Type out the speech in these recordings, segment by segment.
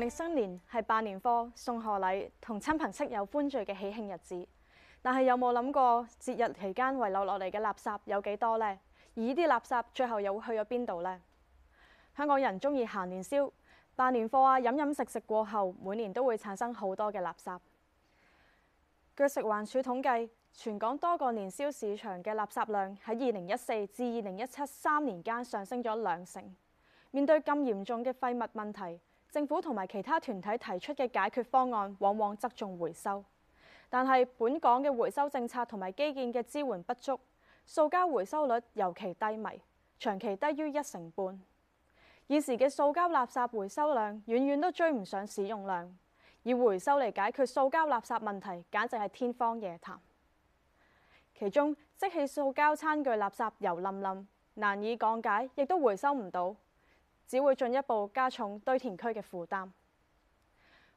曆新年係辦年貨、送賀禮同親朋戚友歡聚嘅喜慶日子，但係有冇諗過節日期間遺留落嚟嘅垃圾有幾多呢？而呢啲垃圾最後又會去咗邊度呢？香港人鍾意行年宵、辦年貨啊，飲飲食，食食過後，每年都會產生好多嘅垃圾。據食環署統計，全港多個年宵市場嘅垃圾量喺二零一四至二零一七三年間上升咗兩成。面對咁嚴重嘅廢物問題。政府同埋其他團體提出嘅解決方案，往往側重回收，但係本港嘅回收政策同埋基建嘅支援不足，塑膠回收率尤其低迷，長期低於一成半。現時嘅塑膠垃圾回收量遠遠都追唔上使用量，以回收嚟解決塑膠垃圾問題，簡直係天方夜譚。其中即係塑膠餐具垃圾油淋淋，難以降解，亦都回收唔到。只會進一步加重堆填區嘅負擔。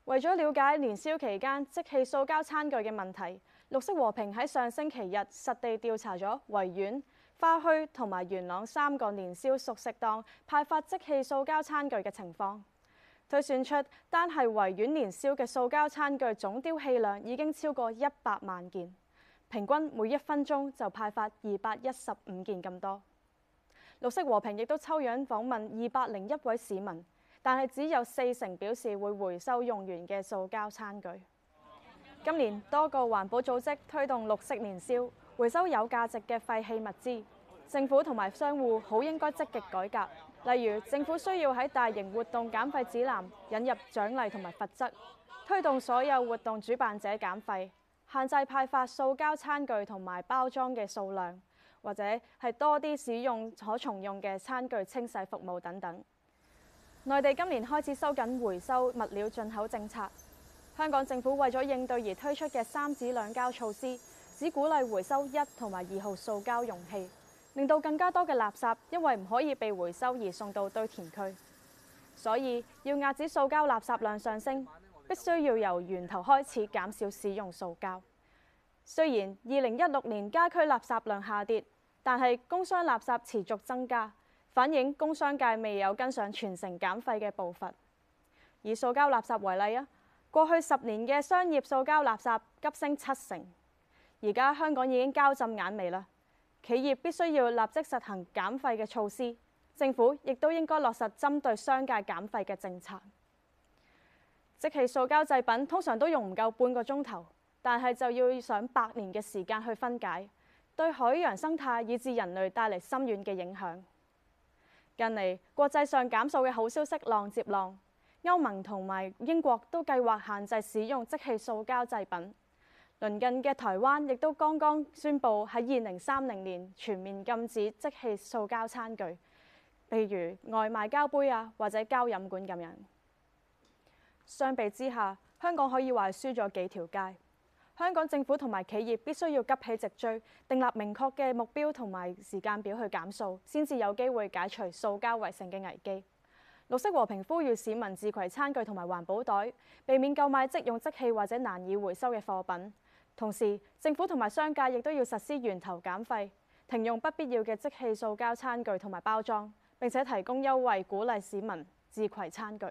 為咗了，了解年宵期間即棄塑膠餐具嘅問題，綠色和平喺上星期日實地調查咗維園、花墟同埋元朗三個年宵熟食檔派發即棄塑膠餐具嘅情況，推算出單係維園年宵嘅塑膠餐具總丟棄量已經超過一百萬件，平均每一分鐘就派發二百一十五件咁多。綠色和平亦都抽樣訪問二百零一位市民，但係只有四成表示會回收用完嘅塑膠餐具。今年多個環保組織推動綠色年宵，回收有價值嘅廢棄物資。政府同埋商戶好應該積極改革，例如政府需要喺大型活動減廢指南引入獎勵同埋罰則，推動所有活動主辦者減廢，限制派發塑膠餐具同埋包裝嘅數量。或者係多啲使用可重用嘅餐具清洗服務等等。內地今年開始收緊回收物料進口政策，香港政府為咗應對而推出嘅三紙兩膠措施，只鼓勵回收一同埋二號塑膠容器，令到更加多嘅垃圾因為唔可以被回收而送到堆填區。所以要壓止塑膠垃圾量上升，必須要由源頭開始減少使用塑膠。雖然二零一六年家居垃圾量下跌。但係，工商垃圾持續增加，反映工商界未有跟上全城減廢嘅步伐。以塑膠垃圾為例啊，過去十年嘅商業塑膠垃圾急升七成，而家香港已經膠浸眼眉啦。企業必須要立即實行減廢嘅措施，政府亦都應該落實針對商界減廢嘅政策。即係塑膠製品通常都用唔夠半個鐘頭，但係就要上百年嘅時間去分解。對海洋生態以至人類帶嚟深遠嘅影響。近嚟國際上減塑嘅好消息浪接浪，歐盟同埋英國都計劃限制使用即棄塑膠製品。鄰近嘅台灣亦都剛剛宣布喺二零三零年全面禁止即棄塑膠餐具，譬如外賣膠杯啊，或者膠飲管咁樣。相比之下，香港可以話係輸咗幾條街。香港政府同埋企業必須要急起直追，訂立明確嘅目標同埋時間表去減塑，先至有機會解除塑膠圍城嘅危機。綠色和平呼籲市民自攜餐具同埋環保袋，避免購買即用即棄或者難以回收嘅貨品。同時，政府同埋商界亦都要實施源頭減廢，停用不必要嘅即棄塑膠餐具同埋包裝，並且提供優惠，鼓勵市民自攜餐具。